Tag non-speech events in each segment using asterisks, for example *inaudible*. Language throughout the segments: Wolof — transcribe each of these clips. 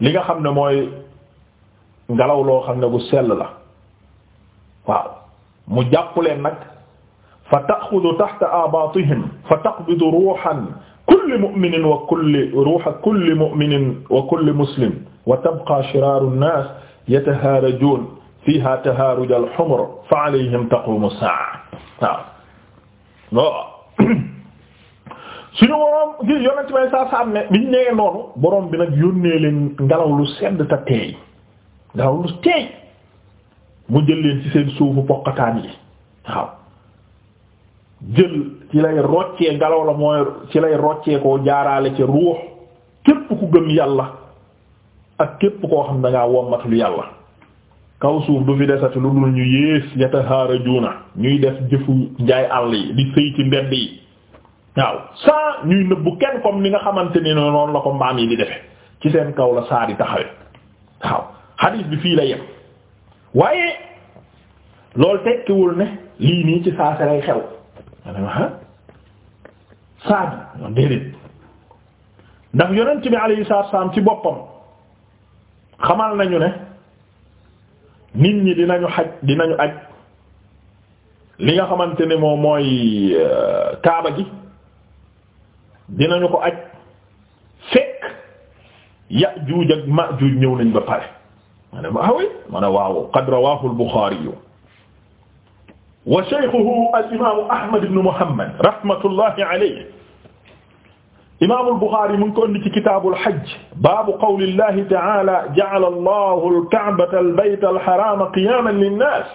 li nga xam ne mooy ngelaw loo xam ne bu sell la waaw mu jàpp leen nag fa taxudu taxta abatihim fa taqbidu ruuxan kulli mu'minin wa kulli ruuxa kulli mu'minin wa kulli muslim wa tabqa shiraaru nnaas yatahaarajuun fiihaa tahaaruj al-humr fa alayhim taquumu as-saa'a waaw suñu borom gi yonent ne biñ nee noonu borom bi nag yónnee leen ngelaw lu sedd te teey ngelaw lu teey mu jël leen ci seen suufu poqataan yi waaw jël ci lay roccee ngelaw la mooy ci lay roccee koo jaaraale ci ruux képp ku gëm yàlla ak képp koo xam dangaa lu yàlla kaw suuf du fi desati lu dul ñu yées yatahaarajuuna ñuy def jëfu njaay àll yi di sëy mbedd yi waaw saa ñuy nëbbu kenn comme ni nga xamante ni noonu la ko mbaam yi di defe ci seen kaw la saa di taxawe waaw hadith bi fii la yem waaye loolu tekkiwul ne lii nii ci saa lay xew maanaam ah, saa bi non déedéet ndax yonent bi alayhi salaatu wa ci boppam xamal nañu ne nit ñi dinañu xaj dinañu aj li nga xamante ne moom mooy euh, kaaba gi. dinañu ko aj fekk Yaajuuj ak Maajuuj ñëw nañ ba pare ma ne waawe ah ma ne waaw qad rawaahu al-Buxaari wa shaykhuhu al-imaamu Ahmad ibn Muhammad rahmatullahi alayhi imaamul Buxaari mu ngi ko indi ci kitaabul hajj baabu qawli llahi ta'aala ja'ala Allahu al-ka'bata al-bayta al-haraama qiyaaman lin-naas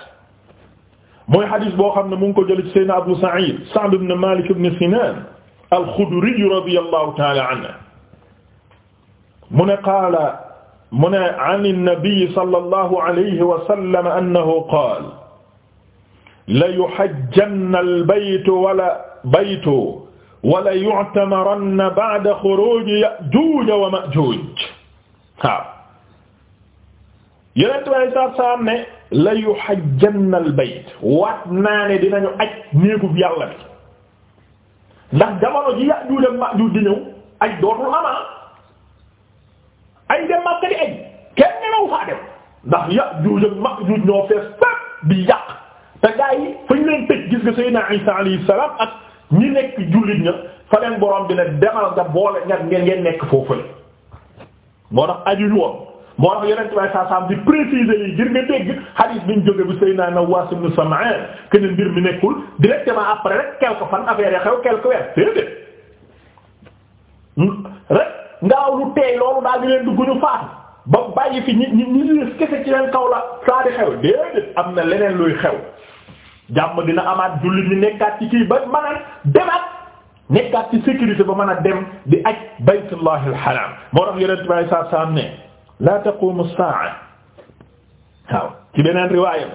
mooy xadis boo xam ne mu ngi ko jëlee ci Sayyidina Abu Sa'iid Sa'd ibn Maalik ibn Sinaan alxudri radiyallahu taala anhu mu ne qaala mu ne an annabi sallallahu alayhi wa sallam annahu qaala la yuhajjanna albaytu wala baytu wala yu'tamaranna ba'da xuruuji ya'juuj wa ma'juuj waaw yonent bi saa saa ne la yuhajjanna albayt waat naa ne dinañu aj néegub yàlla bi ndax jamono ji Yaajuuj ak Maajuuj di ñëw ay dootul amaa ah. ay dem Makka di aj kenn nelaw faa dem ndax Yaajuuj ak Maajuuj ñoo fees pep di yàq te gaa fa ñu leen tëj gis nga Seydina Isaa alayhi salaam ak ñi nekk jullit ña fa leen borom bi ne demal nga boole ña ngeen ngeen nekk foofule moo tax aju ñu moo tax yeneen tubaab saa saam di préciser yi ngir nga dégg hadith bi ñu jóge bu Seydina Nawaas ibn Sam'aan que ne mbir mi nekkul directement après rek quelque fan affaire ya xew quelque weer déedéet. rek ngaaw lu teey loolu daal di leen dugg ñu faatu ba bàyyi fi ñi ñi ñi kese ci leen kaw la saa di xew déedéet am na leneen luy xew jàmm dina amaat jullit ñu nekkaat ci kii ba mën a demaat. nekkaat ci sécurité ba mën a dem di aj baytullahil haram moo tax yeneen tubaab la taqumu as-sa'a waaw ci beneen riwaayam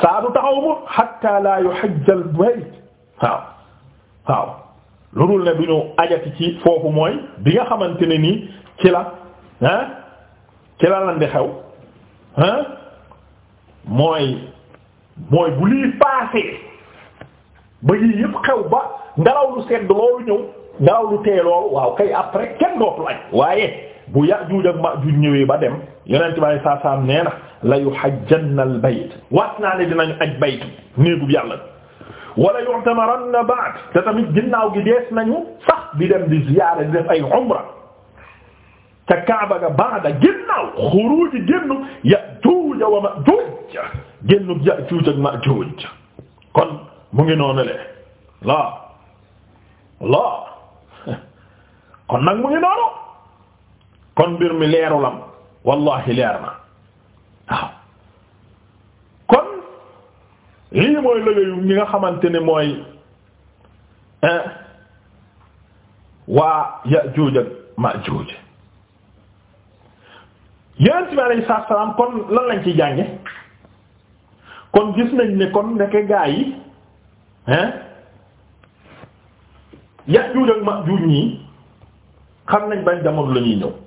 saa du taxaw mu hatta la yuhajja al-bayt waaw waaw lu dul ne du ñu ajati ci foofu mooy bi nga xamante ne nii ci la ah ci lan di xew ah mooy mooy bu lii paasee ba xew ba ngelaw lu sedd loolu ñëw ngelaw lu teeloo loolu waaw kay après kenn dootu laaj waaye. bu Yaajuuj ak Maajuuj ñëwee ba dem yonent bi saa saasaam nee na la yuhajjanna al bayt waat naa ne dinañ aj bayt néegub yàlla wala yu'tamaranna ba'd te tamit ginnaaw gi dees nañu sax di dem di ziyaara di ay umra ca Kaaba ga ba'da ginnaaw xuruuji génnu Yaajuuj wa Maajuuj génnu Yaajuuj ak Maajuuj kon mu ngi noonu le la la *laughs* kon nag mu ngi noonu kon mbir mi leerulam wallahi leer na waaw kon lii mooy liggéeyu ñi nga xamante ne mooy waa Yaajuuj ak Maajuuj yonent bi alayhi salaatu salaam kon lan lañ ci jànge kon gis nañ ni kon ndeke gaa yi hein Yaajuuj ak Maajuuj ñii xam nañ bañ jamono la ñëw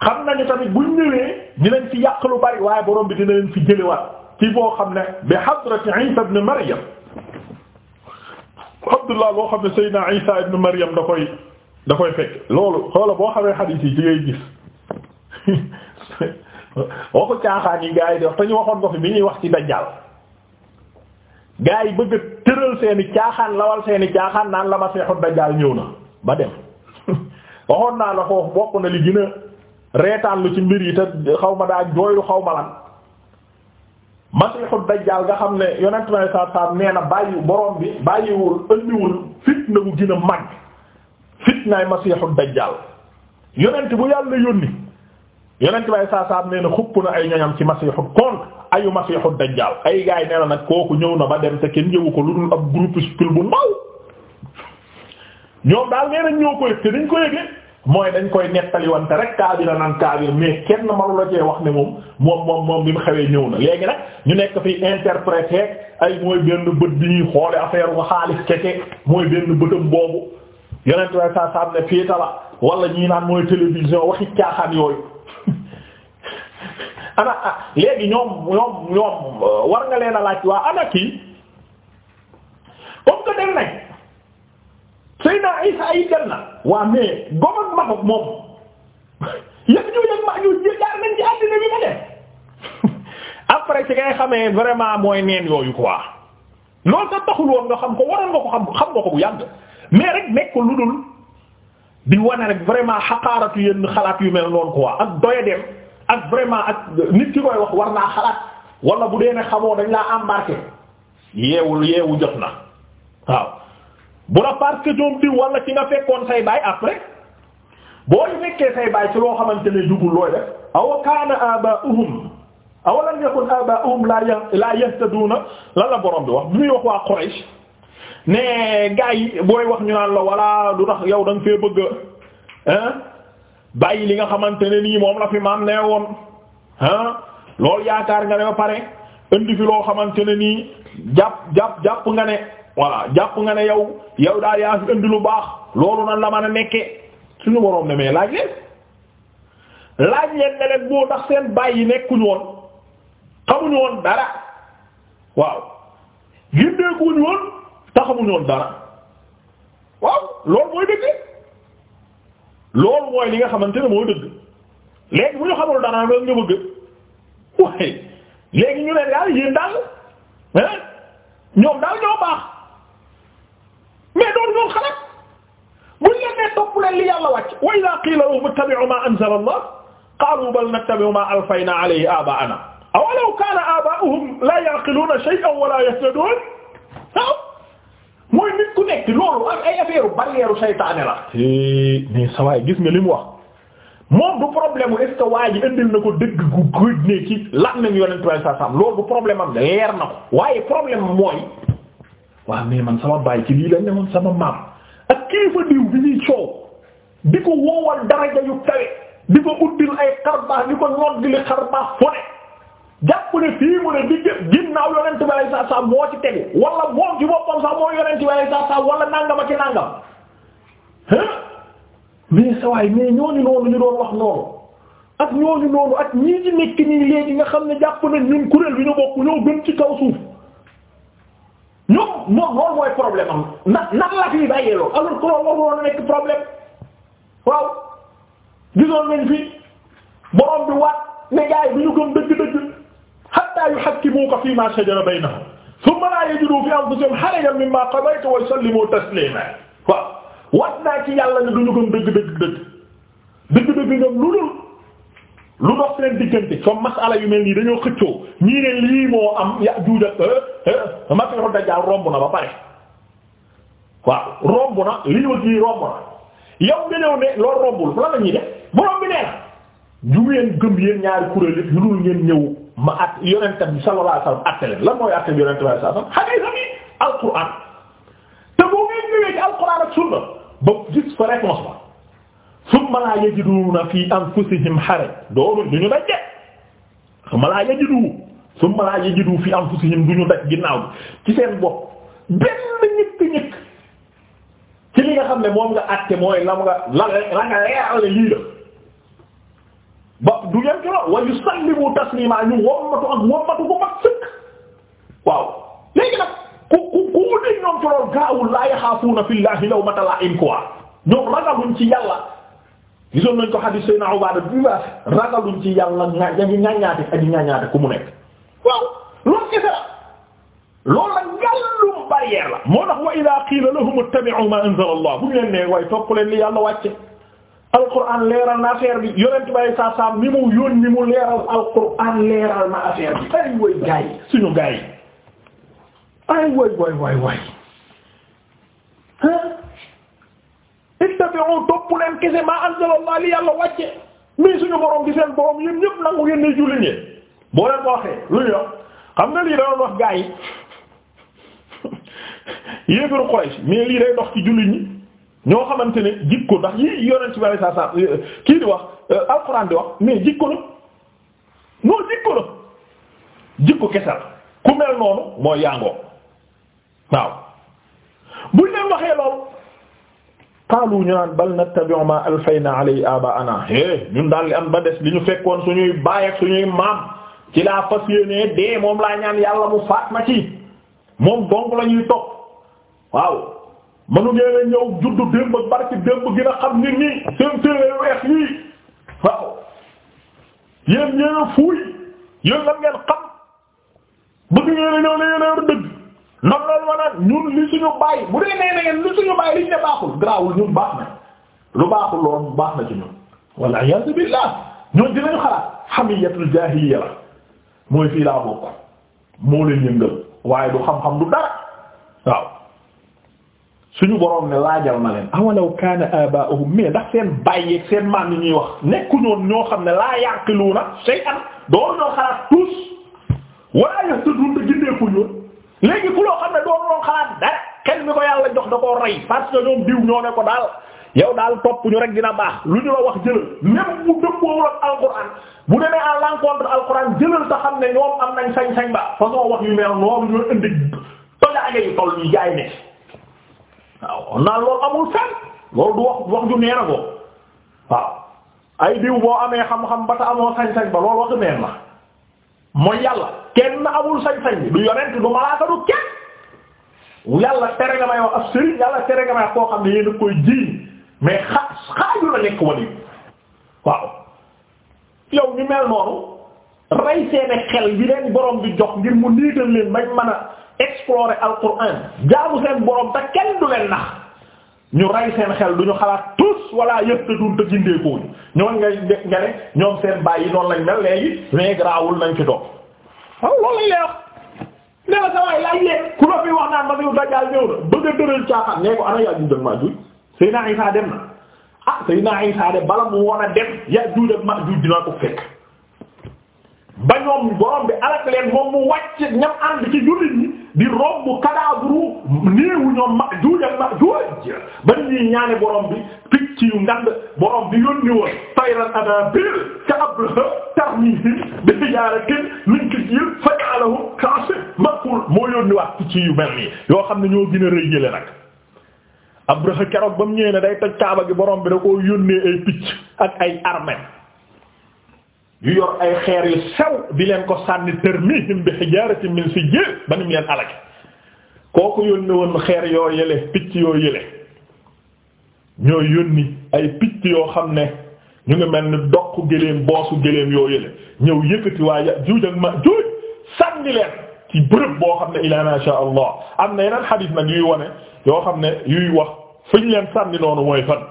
xam nañu tamit buñ ñëwee dinañ fi yàq lu bari waaye borom bi dina leen fi jëlewaat ci boo xam ne bi hadrati Isa ibn Maryam Abdullah boo xam ne Seydina Isa ibn Maryam da koy da koy fekk loolu xoola boo xamee xadiis yi ci ngay gis boo *laughs* ko caaxaan yi gaa yi di wax te ñu waxoon ko fi bi ñuy wax ci dajjaal gaa yi bëgg a tëral seeni caaxaan lawal seeni caaxaan naan la ma seexu dajjaal ñëw na ba dem *laughs* waxoon naa la foofu bokk na li gën a reetaan lu ci mbir yi te xaw ma daa jooylu xaw ma lan masiixu dajjaal nga xam ne yonent bi sallallahu alayhi na bàyyi borom bi bàyyiwul ëndiwul fitna gu gën a mag fitnaay masiixu dajjaal yonent bu yàlla yónni yonent bi sallallahu alayhi na xupp na ay ñoñam ci masiixu contre ayu masiixu dajjaal ay gaay nee na nag kooku ñëw na ba dem te kenn yëwu ko lu dul ab groupuscule bu ndaw ñoom daal nee nañ ko yëg te ko yëgee mooy dañ koy nettali wante rek kaabira naan kaabir mais kenn manu la cee wax ne moom moom moom moom bi mu xewee ñëw na léegi nag ñu nekk fi interpréter ay mooy benn bët bi ñuy xoole affaire wu xaalis keke mooy benn bëtam boobu yonent way sa saam ne fiita la wala ñii naan mooy télévision waxi caaxaan yooyu *laughs* ana ah léegi ñoom ñoom ñoom euh, war nga leen a laaj waa ana kii comme que dem nañ Seydina Isa yi dem na waa mais gomag maxog moom *laughs* yëg ñu yëg ma ñu jaar nañ ci àddina bi ma dem *laughs* après ci ngay xamee vraiment mooy neen yooyu quoi loolu sax taxul woon nga xam ko waroon nga ko xam xam ko bu yàgg mais rek nekk lu dul di wane rek vraiment xaqaaratu yenn xalaat yu mel noonu quoi ak doya ak vraiment ak nit ki koy wax war naa xalaat wala bu dee ne xamoo dañ laa embarqué yeewul yeewu jot na waaw bu la parce que doom diw wala ci nga fekkoon say baay après boo fekkee say baay ci loo xamante ne dugul looy def awa kaana aba'uhum aw lam yakun aba'uhum la la yahtaduna lan la borom bi wax bi muy wax waa Quraysh ne gaa booy wax ñu naan la wala du tax yow da nga fee bëgg bàyyi li nga xamante ne nii moom la fi maam nee woon ah loolu yaakaar nga ne ba pare indi fi loo xamante ne nii jàpp jàpp jàpp nga ne voilà jàpp nga ne yow. yow daal yaa fi indi lu baax loolu na la mën a nekkee suñu boroom ne mais laaj leen laaj leen ne leen boo ndax seen baay yi nekkuñu woon xamuñu woon dara waaw gindeekuñu woon te xamuñu woon dara waaw loolu mooy dëgg loolu mooy li nga xamante ne mooy dëgg léegi bu ñu xamul dara loolu nga bëgg waaye léegi ñu ne daal yéen daal ñoom daal ñoo baax. loolu loolu xalaat buñ leen nee topp leen li yàlla wàcc wa idha qila lahum ittabi'u ma anzala Allah qalu bal nattabi'u ma alfayna alayhi aba'ana awalaw kana aba'uhum la yaqiluna shay'an wa la yahtadun waaw mooy nit ku nekk loolu ak ay affaire barrière la mais sa waay gis nga li mu du problème est-ce que waa ji indil na ko dëgg gu gëj ne ci lan nañ sa sam loolu du problème am leer na ko mooy waaw mais man sama baay ci lii la ne woon sama maam ak kilifa diw bi ñuy coow di ko woowal daraja yu kawe di ko uddil ay xarbaax di ko noddili xarbaax fo ne jàpp ne fii mu ne di ginnaaw yonent bi alayhi salaam moo ci tegu wala moom ci boppam sax moo yonent bi alayhi salaam wala nangama ci nangam mais sa waay mais ñooñu noonu ñu doon wax noonu ak ñooñu noonu ak ñii ci nekk nii léegi nga xam ne jàpp ne ñun kuréel bi ñu bokk ñoo gën ci kaw suuf ñoom moom loolu mooy problème am na nan la fi bàyyee loolu alors que loolu waroon nekk problème waaw gisoon nañ fi borom bi waat ne gaa yi bu ñu gëm dëgg-dëgg hatta yuhakkimuka fi ma shajara baynahum thumma la yajidu fi anfusihim harajan mimma qadayta wa yusallimu taslima waaw waat naa ci yàlla ne du ñu gëm dëgg-dëgg dëgg dëgg-dëgg ñoom lu dul lu dox seen diggante comme masala yu mel nii dañoo xëccoo ñii ne lii moo am Yaajuuj ak euh, euh, masiixu dajjaal romb na ba pare waaw romb na li ñu ci romb na yow nga ñëw ne loolu rombul bu la la ñuy def borom bi nee na ju gëm yéen ñaari kuréel yi lu dul ngeen ñëw ma at yonent bi sallallahu alayhi wasallam atte mooy atte bi yonent bi sallallahu alayhi wasallam hadiis te boo ngeen ñëwee ci alquran ak sunna ba gis fa réponse ba summa laa yajiduuna fi anfusihim haraj doolu ñu ñu dajje summa laa yajidu summa laa yajidu fi anfusihim duñu daj ginnaaw bi ci seen bopp benn ñëkk ñëkk ci li nga xam ne moom nga àtte mooy la nga la la nga leerale lii la ba du yem ci loolu wa yusallimu taslima ñu wommatu ak wommatu bu mag sëkk waaw léegi nag ku ku ku mu dégg ñoom ci loolu gaawul laa yaxaafuuna fillahi lawmata laa'im quoi ñoom ragaluñ ci yàlla gisoon nañ ko hadith sayna Ubaada bi ragaluñ ci yàlla ñaa- ñañaate ak ñañaate ku mu nekk waaw loolu kese la la ngàllum la moo tax wa ida qiila lahum ittabi'u ma anzala Allah bu ñu leen ne waaye topp leen li yàlla wàcce alquran leeral na affaire bi yonent bay saa saa mi mu yónni mu leeral alquran leeral na affaire bi ay way gaay suñu gaay ay way way way way ittabi'u topp leen kese ma anzala Allah li yàlla wàcce mais suñu borom gi seen borom yéen ñëpp nangu boo leen ko waxee lu ñu wax xam nga lii da doon wax gaa yi *laughs* yéefaru Quraysh mais lii day dox ci jullit ñi ñoo xamante ne jikko ndax yi yonent bi sallallahu alayhi wasallam euh, kii di wax euh, alxuraan di wax mais jikko la non jikko la jikko kesal ku mel noonu mooy yàngoo waaw buñ leen waxee loolu qaalu ñu naan bal nattabi'u ma alfayna alayhi abaana ñun daal li am ba des li ñu fekkoon suñuy baay ak suñuy maam ci laa fas yéenee dee moom laa ñaan yàlla mu faat ma ci moom dong la ñuy topp waaw manu ngeen ñëw juddu démb barki démb gën a xam nit ñi seen téere weex yi waaw yéen ñeen fuuy yéen ngeen xam bëgg ngeen ne yéen a yor dëgg nam loolu ma naan ñun li suñu bàyyi bu dee nee na ngeen li suñu bàyyi liñ ne baaxul garaawul ñun baax na lu baax na ci ñun walla iyaazu billaah ñoon dinañu xalaat hamiyatul jaahiliya mooy fii laa bokk moo leen yëngal waaye du xam-xam du dara waaw suñu boroom ne laajal na leen awalaw kaana abaa'uhum mais ndax seen bàyyeeg seen maam yi ñuy wax nekkuñoon ñoo xam ne laa yaqiluuna shay'an doon ñoo xalaat tous wala yahtadun te gindeekuñoon léegi ku loo xam ne doon ñoo xalaat dara kenn mi ko yàlla jox da rey parce ñoom diw ñoo ne daal yow daal topp ñu rek dina baax lu ñu la wax jëlal même bu dëppoo ak alquran bu demee à l'encontre alquran jëlal te xam ne ñoom am nañ sañ-sañ ba façon wax yu mel noonu ñu indi tojaange yu boo amee xam-xam ba te amoo sañ-sañ ba loolu waxu neen la mooy yàlla kenn amul sañ-sañ bi du yonent du malaaka du kenn yàlla tere nga may wax ab sëriñ yàlla tere nga may wax koo xam ne yéen koy jiiñ mais xa xaaju la nekk wali waaw yow ñu mel noonu rey seen xel bi leen borom bi jox ngir mu niital leen bañ mën a explorer alquran jaamu seen borom te kenn du leen nax ñu rey seen xel du ñu xalaat tous wala yëpp te duñ te ñoom nga ne ñoom seen baay noonu lañ mel léegi mais raawul nañ ci doon waaw loolu lañ lay wax. na sa waay laaj leen ku la fi wax naan ma fi dajaal ñëw na bëgg a dëral caaxaan ana yaa juñ dëgg maa Seydina Isa dem na ah a dem Yaajuuj ak Maajuuj dina ko fekk ba ñoom borom bi alak leen moom mu wàcc ñam ànd ci jullit ñi di romb cadavre néewu ñoom Maajuuj ak Maajuuj ba ñuy ñaane borom bi yu ngand borom bi yónni woon tayran ababil ka ablaha tarmihim bi hijaaratin min qisir faj'alahum ka'asfin ma'kuul moo yónni wax picc yu mel yoo xam ne ñoo gën a rëy ñële nag Abraha keroog ba mu ñëwee ne day toj kaaba gi borom bi da koo yónnee ay picc ak ay armée yu yor ay xeer yu sew di leen ko sànni tarmihim bi hijarati min sijil ba nim leen alage kooku yónnee woon xeer yoo yële picc yoo yële ñoo yónni ay picc yoo xam ne ñu ngi mel ni doq gëléem boosu gëléem yoo yële ñëw yëkkati waa Yaajuuj ak Maajuuj sànni leen ci bërëb boo xam ne ilaa ma sha Allah am na yeneen xadiis nag yuy wone yoo xam ne yuy wax fi ñu sànni noonu mooy fan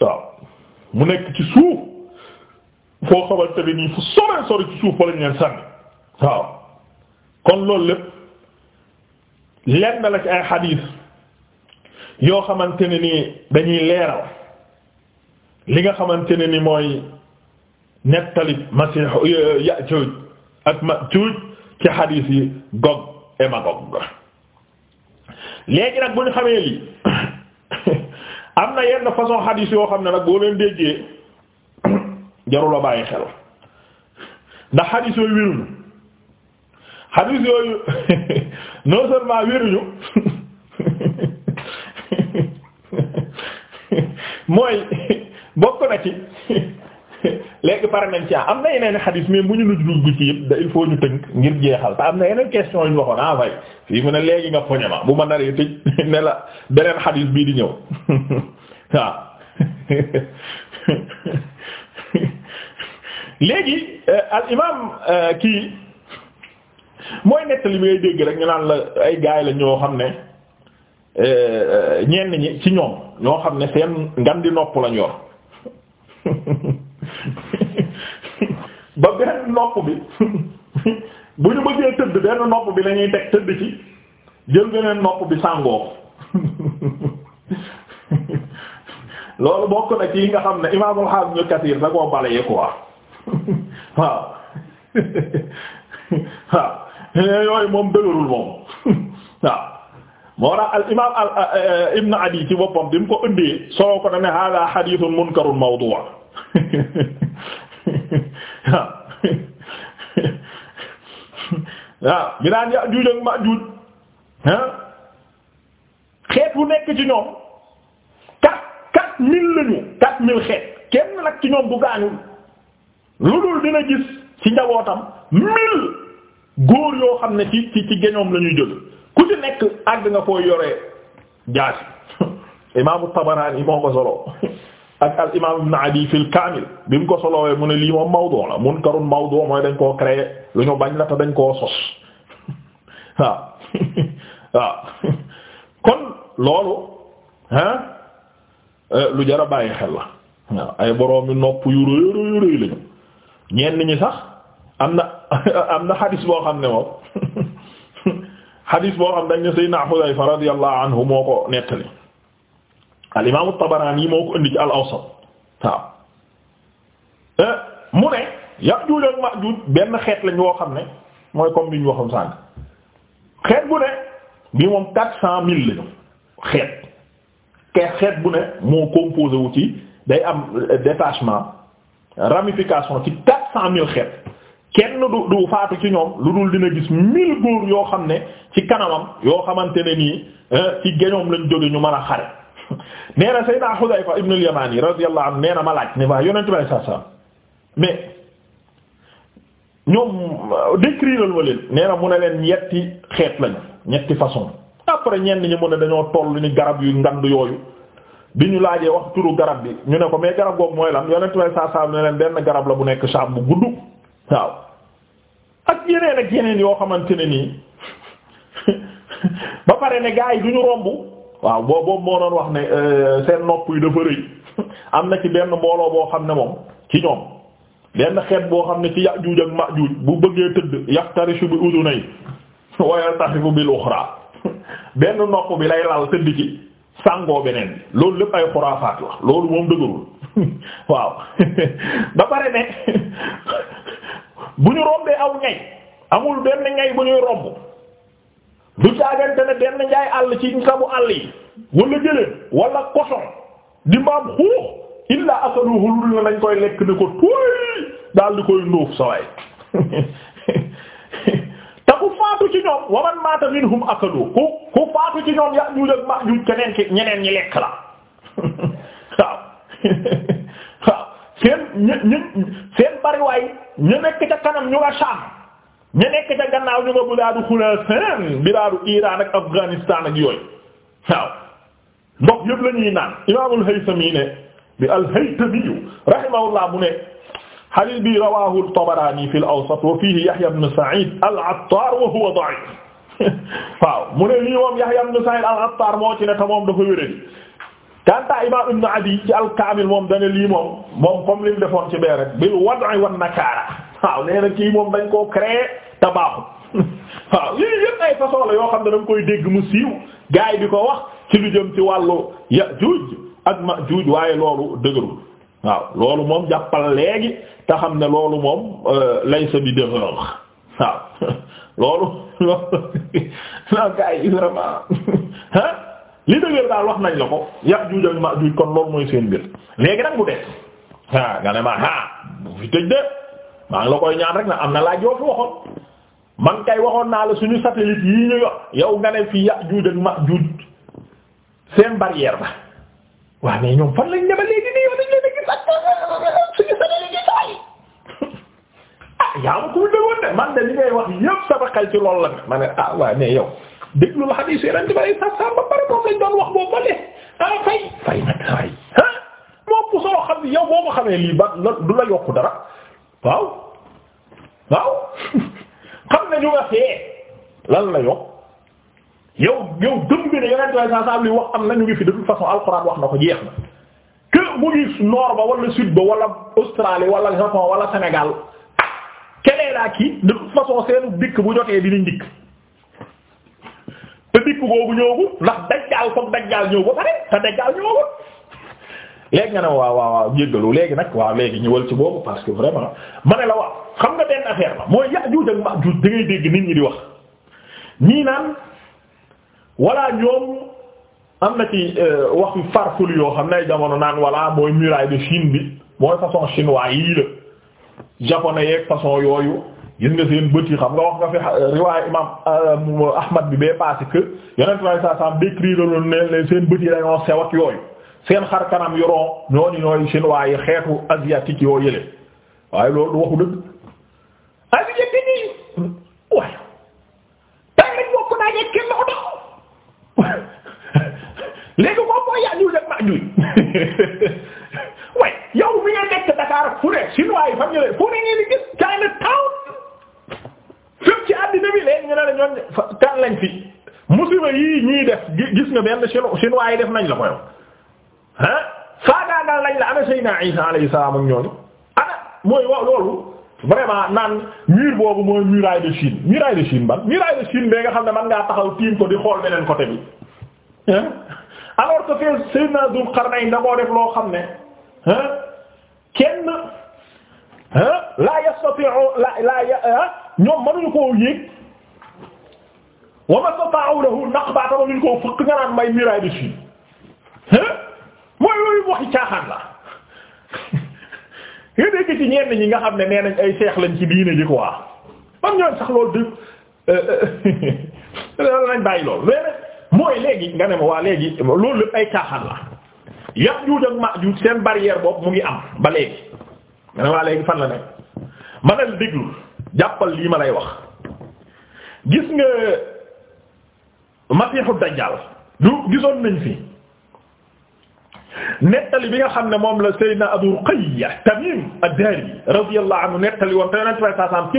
waaw mu nekk ci suuf foo xamante ne nii fu sore sore ci suuf fa lañ leen sànni waaw kon loolu lépp lenn la ci ay xadiis yoo xamante ne nii dañuy leeral li nga xamante ne nii mooy nettali masiixu Yaajuuj ak Maajuuj ci xadiis yi Gog et Magog léegi nag bu ñu xamee lii *laughs* am na yenn façon xadiis yoo xam ne la boo leen déggee *coughs* jarul a bàyyi xel ndax xadiis yooyu wéruñu xadiis yooyu *laughs* non seulement wéruñu *laughs* mooy bokk na ci léegi pare nañ ci ah am na yeneen xadis mais bu ñu lu dugg ci da il faut ñu tënk ngir jeexal te am na yeneen question yu ñu waxoon ah fay fii mu ne léegi nga foñe ma bu ma naree tëj *laughs* ne la beneen xadis bii di ñëw *laughs* waaw *laughs* léegi euh, al imam euh, kii mooy nettali bi ngay dégg rek ñu naan la ay gaay la ñoo xam ne euh, ñenn ñi ci ñoom ñoo xam ne seen ngan di nopp lañu yor ba benn nopp bi *laughs* bu ñu bëggee tëdd benn nopp bi lañuy teg tëdd ci jël beneen nopp bi sàngoo *laughs* loolu bokk na ci yi nga xam ne imaamul xaal ñu kasiir da koo bale yi quoi *laughs* waaw eh, moom dëgërul moom waaw moo al imaam al ibn adi ci boppam bi mu ko ëndee soo ko na ne hada hadithun munkarun mawdu' waaw waaw mi naan xeet wu nekk ci ñoom quatre quatre mille lañu quatre mille xeet kenn nag ci ñoom bu gaañu lu dul dina gis ci njabootam mille góor yoo xam ne ci ci ci géñoom la jël ku ci nekk àgg nga koo yoree jaasi *laughs* imaamu yi moo ko solo *laughs* ak al imaam ibn Adi fil kaamil bi mu ko solowee mu ne lii moom mawdu la munkarun mawdu dañ koo créé lu ñu bañ la te dañ koo sos *laughs* waaw *laughs* waaw *laughs* kon loolu ah lu jar a bàyyi xel la waaw ay boroomi nopp yu rëy rëy rëy lañu ñenn ñi sax am na am na xadis boo xam ne moom xadis boo xam dañ ne Seydina Xudayfa radiyallahu anhu moo ko nettali al imaamu yi moo ko indi ci al awsat waaw eh, mu ne Yaajuuj ak Maajuuj benn xeet lañ woo xam ne mooy comme bi ñu waxoon sànq xeet bu ne bi moom quatre cent mille lañu xeet xeet bu ne moo composé wu day am détachement ramification ci quatre cent mille xeet kenn du du faatu ci ñoom lu dul dina gis mille góor yoo xam ne ci kanamam yoo xamante ne nii eh, ci géñoom lañ jóge ñu man a xare *laughs* nee na Seydina Xudayfa ibnul Yamaani radiyallahu anhu nee na ma laaj ne ma yonent bi saa saa mais ñoom euh, décrire ma leen nee na mu ne leen ñetti xeet lañu ñetti façon après ñenn ñi mu a dañoo toll ni garab yu ngand yooyu bi ñu laajee wax turu garab bi ñu ne ko mais garab googu mooy lan yonent bi saa saa ne leen benn garab la bu nekk saam bu gudd waaw ak yeneen ak yeneen yoo xamante ne nii *laughs* ba pare ne gaa yi duñu romb. waaw boobu moo doon wax ne euh, seen nopp yi dafa rëy *laughs* am na ci benn mbooloo boo xam ne moom ci ñoom benn xeet boo xam ne ci Yaajuuj ak Maajuuj bu bëggee tëdd yaqtarishu bi udunay *laughs* wa yaltahifu bil uxra *laughs* benn nopp bi lay lal tëdd ci sàngoo beneen loolu lépp ay xuraafaat la loolu moom dëgërul waaw ba pare ne bu ñu rombee aw ñay amul benn ñay bu ñuy romb du caagante ne benn njaay àll ci nsabu àll yi wala jëleen wala koson di mbaam xuux illaa asaluhu lu nañ koy lekk ni ko tóoy daal koy ndóof sawaay *laughs* te ku faatu ci ñoom waman maata minhum akalu ku ku faatu ci ñoom ya ñu ak ma ñu keneen ki ñeneen ñi lekk la *laughs* waaw *laughs* waaw seen ñu ñu seen bariwaay ñu nekk ca kanam ñu nga saam ña nekk ca gannaaw ñu nga bilaadu Xuraasaan bilaadu Iran ak Afghanistan ak yooyu waaw ndox yëpp la ñuy naan bi al-Haytami rahimahullah mu ne bi rawaahu at-Tabaraani fil Awsat wa Yahya ibn Sa'iid al-Attaar wa huwa *laughs* mu ne lii moom Yahya ibn Sa'iid kanta imam ibn Adi ci al-Kaamil moom dane lii moom moom comme li defoon ci bee bil wad'i wan nakaara waaw nee na kii moom dañ koo créer te baaxul waaw yii yëpp ay façon la yoo xam ne da koy dégg mu siiw gaay bi ko wax ci lu jëm ci wàllu Yajuuj ak Majuuj waaye loolu dëgërul waaw loolu moom jàppal léegi te xam ne loolu moom euh, laysa bi dëgër waaw *laughs* loolu loolu *laughs* gaay yi vraiment *laughs* li dëgër daal wax nañ la ko Yajuuj ak Majuuj kon loolu mooy seen mbir léegi nag mu des ah nga ma ah bu fi tëj de. maa la koy ñaan rek na am na laaj yoo fi waxoon man kay waxoon naa la suñu satellite yi ñu yor yow nga ne fi Yaajuuj ak Maajuuj seen barrière ba waaw mais ñoom fan lañ ñeme léegi nii yow dañ leen a gis ak suñu satellite ah man de li ngay loolu la ne ma ne ah waaw mais yow déglu la xadiis yi ren dafay sax sax ba pare moom lañ doon wax boo ko dee fay fay nag fay ah moom ku soo xam yow boo ko xamee lii ba du la yokku dara. waaw waaw *laughs* xam ne nga fee lan la yokk yow yow gëm bi ne yeneen tubaab saa saa li wax am na ñu ngi fi de toute façon alxuraan wax na ko jeex na. que mu ngi nord ba wala sud ba wala Australie wala Japon wala Sénégal keneen laa kii de toute façon seenu dikk bu jotee dinañ dikk te dikk boobu ñëwagul ndax dajjaal foog dajjaal ñëw ba pare te dajjaal ñëwagul. léegi nga waaw waaw waaw jéggalu léegi nag waaw léegi ñëwal ci boobu parce que vraiment ma ne la waaw xam nga benn affaire la mooy Yaajuuj ak Maajuuj da ngay dégg nit ñi di wax ñii naan walla ñoom am na ci euh, waxu farful yoo xam ne jamono naan walla mooy muraille de Chine bi mooy façon chinois yii la japonais yeeg façon yooyu gis nga seen bët yi xam nga wax nga fi euh, riwaay imam euh, Ahmad bi bee passé que yonent bi sallallahu alayhi wasallam décrire loolu ne seen bët yi dañoo seen xar kanam yoron ñooñu ñooy chinois yi xeetu asiatique yoo yële waaye loolu waxu dëgg asiatique yi waaye tay ñu kan lañ fi musiba yii ñii def gis nga benn chinois def nañ la ko ana Seydina Isa alayhi salaam ak ñooñu ana mooy wax loolu vraiment naan mur boobu mooy muraille de Chine muraille de Chine ban muraille de Chine bee nga xam ne man ngaa taxaw tiim ko di xool beneen côté bi alors que fee Seydina Dul Qarnayn da koo def loo xam ne kenn la yastati'u la la ñoom mënuñu koo yéeg wa ma sata'u lahu naqba mënuñu koo fëkk nga naan may muraille de Chine mooy yooyu waxi caaxaan la *laughs* nga dégg ci ñenn ñi nga xam ne nee nañ ay seex lañ ci diine ji quoi man ñooñ sax loolu dëgg euh, euh, *laughs* loolu lañ bàyyi loolu mooy léegi nga ne ma waa léegi loolu lépp ay caaxaan la Yaajuuj ak Maajuuj seen barrière boobu mu ngi am ba léegi nga ne waa léegi fan la nekk ma jàppal lii ma lay wax gis nga Masiixu Dajjaal du gisoon nañ fi nettali bi nga xam ne moom la Seydina Abu Ruqayya Tamim ad-Dari radiyallahu anhu nettali woon te yonent bi sallallahu alayhi wasallam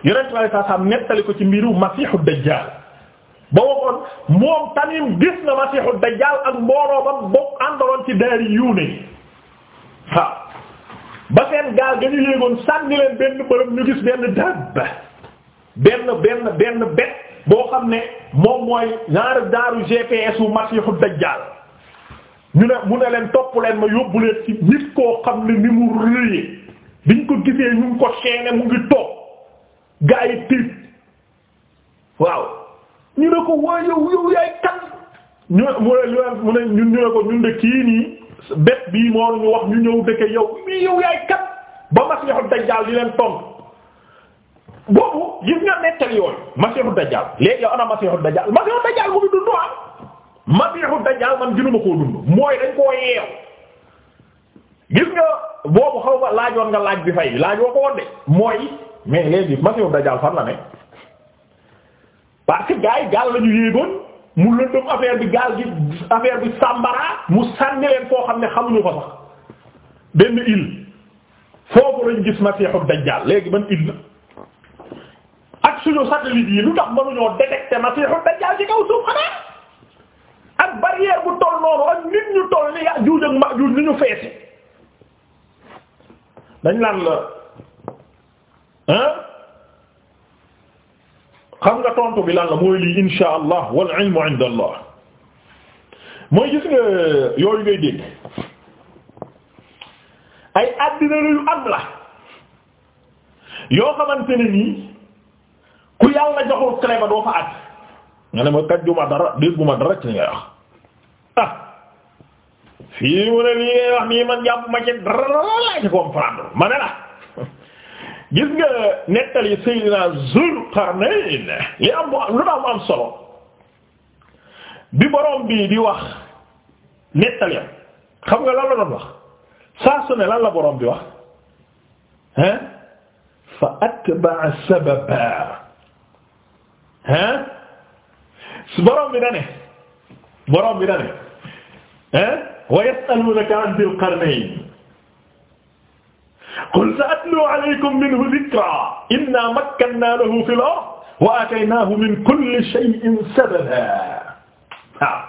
ci bopp ko ci mbiru Masiihu Dajjal ba waxoon moom Tamim gis na Masiihu Dajjal ak mbooloo ba bokk àndaloon ci daari yu ne waaw ba seen gaal ga ñu yéegoon sànni leen benn bërëb ñu gis benn dabba benn benn benn bet boo xam ne moom mooy genre daaru GPS u Masiihu Dajjal ñu ne mu ne leen topp leen ma yóbbu leen ci nit koo xam ne ni mu rëyee biñ ko gisee ñu ngi ko seene mu ngi toog gaa yi tiit waaw ñu ne ko waa yow yow yaay kan ñu mu ne mu ne ñu ne ko ñun de kii nii bet bii moo ñu wax ñu ñëw dëkk yow mii yow yaay kat ba masiixu dajjaal di leen tontu boobu gis nga nettali yoon masiixu dajjaal léegi yow ana masiixu dajjaal mu ngi dundu ah. masiixu dajjaal man gënuma koo dund mooy dañ koo yeew gis nga boobu xaw ma laajoon nga laaj bi fay laajoo ko woon de mooy mais léegi masiixu dajjaal fan la ne parce que gars gaal la yéegoon mu lëndëm affaire bi gaal gi affaire bi sàmbaraa mu sànni leen foo xam ne xamuñu ko sax benn île foofu lañ gis masiixu dajjaal léegi ban île la ak suñu satellite yi lu tax mënuñoo détecter masiixu dajjaal ci kaw suuf xanaa ak barrière bu toll noonu nit ñu toll ni Yaajuuj ak Maajuuj ni ñu feesi dañ naan la ah xam nga tontu bi lan la mooy lii insha allah wal ilmu inda allah mooy gis nga yooyu ngay dégg ay àddina yu am la yoo xamante ni nii ku yàlla joxul clé ba doo fa àgg ne ma kat juma dara déggu ma dara ci li ah fii mu ne lii ngay man jàpp ma ci dara laa ci comprendre ma ne la gis nga nettali Seydina Zulqarnayn li am lu am am solo bi borom di wax nettali xam nga lan la doon wax saa su ne la borom bi wax hein fa atba'a sababa hein borom bi dane borom dane wa yas'alunaka an dhil qarnayn qul sa'atlu alaykum minhu dhikra inna makkanna lahu fil ard wa ataynaahu min kulli shay'in sababa waaw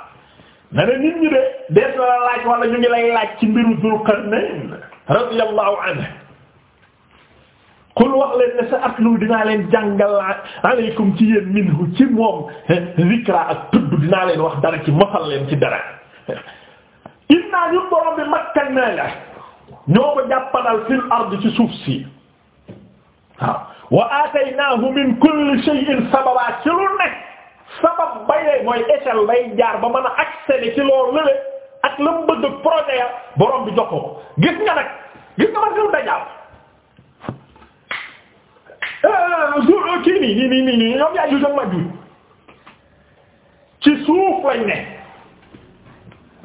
na ne nit ñi de dees la laaj wala ñu ngi lay laaj ci mbiru dhil qarnayn radiyallahu anhu qul wax leen ne sa'atlu dinaa leen jàngal alaykum ci yéen minhu ci moom dhikra ak tudd dinaa leen wax dara ci mosal leen ci dara inna ñun borom bi makkanna la ñoo ko jàppalal fil ard ci suuf si waaw wa aataynaahu min kulli shay'in sababa ci lu nekk sabab bayee mooy échelle bay jaar ba mën a accéder ci loolu lële ak la mu bëgg ya borom bi jox gis nga nag gis nga ma siw dajaaw euh, jour euh, kii nii nii nii nii ci suuf lañ ne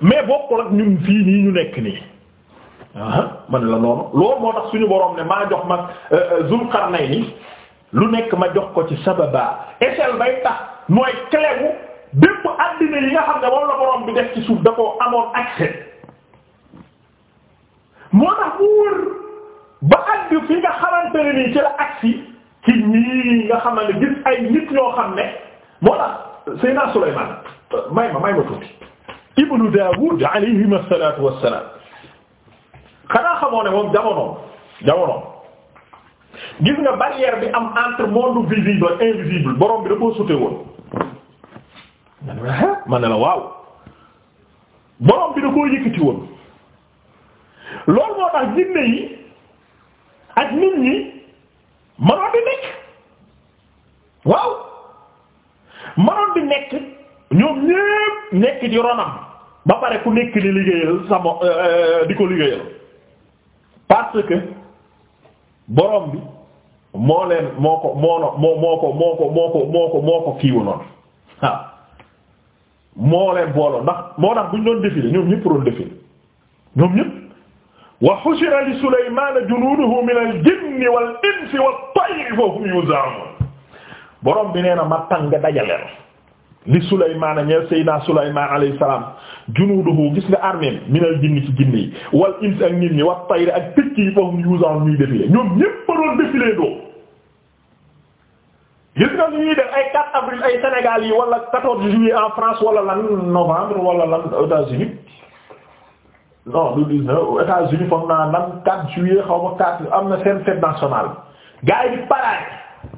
mais bokkul ak ñun fii nii ñu nekk nii ah man la noonu loolu moo tax suñu boroom ne maa jox ma euh, euh, Zulqarnayni lu nekk ma jox ko ci sababa échelle bay tax mooy clé bépp àddina yi nga xam ne moom la boroom bi def ci suuf da koo amoon accès moo tax mu wër ba àgg fi nga xamante nii ci la agsi ci ñii nga xam ne gis ay nit ñoo xam ne moo tax Seydina Sulaymaan may ma may ma tuuti. ibnu Daawud alayhim assalaatu wassalaam xanaa xamoo ne moom jamonoom jamonoom gis nga barrière bi am entre monde visible ak invisible borom bi da koo sute woon man ne la ah, waaw borom bi da koo yëkkati woon loolu moo tax jinne yi ak nit ñi manoon di nekk waaw manoon di nekk ñoom ñépp nekk ci ba pare ku nekk di liggéeyal sama euh, euh, di ko liggéeyal parce que borom bi moo leen moo ko moo ko moo ko moo ko moo ko moo ko kiiwu noonu waaw moo leen booloo ndax moo tax bu ñu doon défilé ñoom ñëpp doon défilé ñoom ñëpp wa hushira li Sulaymaana min al-jinni wal-insi wat-tayri fa hum yuzaa'uun borom bi nee na ma tàng dajaleel li Souleymane ñeel Seydina Souleymane alayhi salaam junuuduhu gis nga armée mi minal jinni ci jinne yi wal ins ak nit ñi wa tayri ak picc yi foofu yuusan ñuy défilé ñoom ñépp a doon défilé doo gis nga ñuy def ay 4 avril ay Sénégal yi wala 14 juillet en France wala lan novembre wala lan États-Unis non du 19 États-Unis foog naa lan 4 juillet xaw ma am na seen fête nationale gars di parade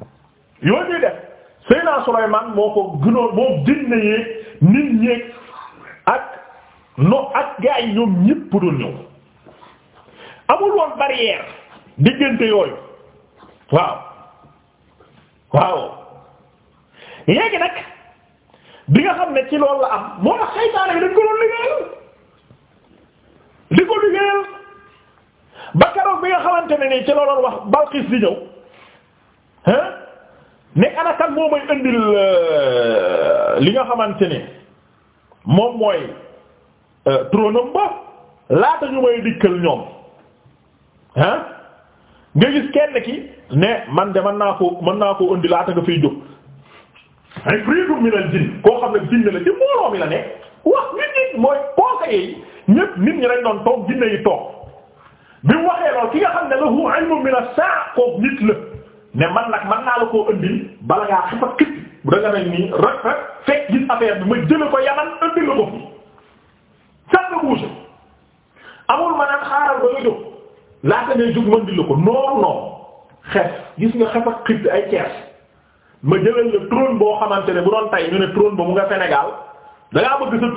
yooyu def. Seydina Sulaymaan moo ko gënoon moo jinne yeeg nit ñeeg ak no ak gaa yi ñoom ñépp doon ñëw amul woon barrière diggante yooyu waaw waaw léegi nag bi nga xam ne ci loolu la am moo tax seytaane bi ko doon liggéeyal di ko liggéeyal ba bi nga xamante ne nii ci loolu wax Balqis di ñëw ne ana kan moo may euh, li nga xamante ne moom mooy euh, tronam ba laata ñu may dikkal ñoom nga gis kenn ki ne man de mën naa ko mën naa ko indi laata nga fiy jóg ay fridu mi la jin koo xam ne jinne la ci mbooloo mi la ne wax nit ñi mooy conseillers yi ñépp nit ñi dañ doon toog jinne yi toog bi mu waxee lool ki nga xam ne lahu ilmu min as-sa'a kooku nit la ne man nag man naa la koo ëndil bala ngaa xëpp ak këpp bu da nga nii rek rek fekk gis affaire bi ma jële ko yaman ëndil la ko fi sànq buuse amul ma naan xaaral ba nga jóg laata ngay jóg ma ëndil la ko noonu noonu xef gis nga xëpp ak këpp ay kees ma jëlal la trône boo xamante ne bu doon tay ñu ne trône ba mu nga Sénégal da bëgg sa